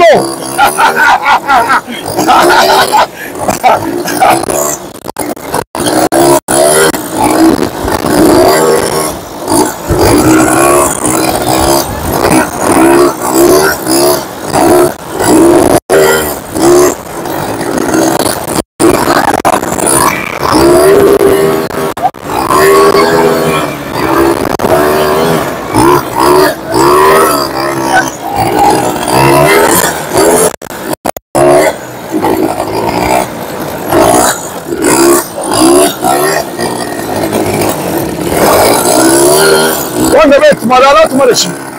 go. Quando eu meto maré, lá tu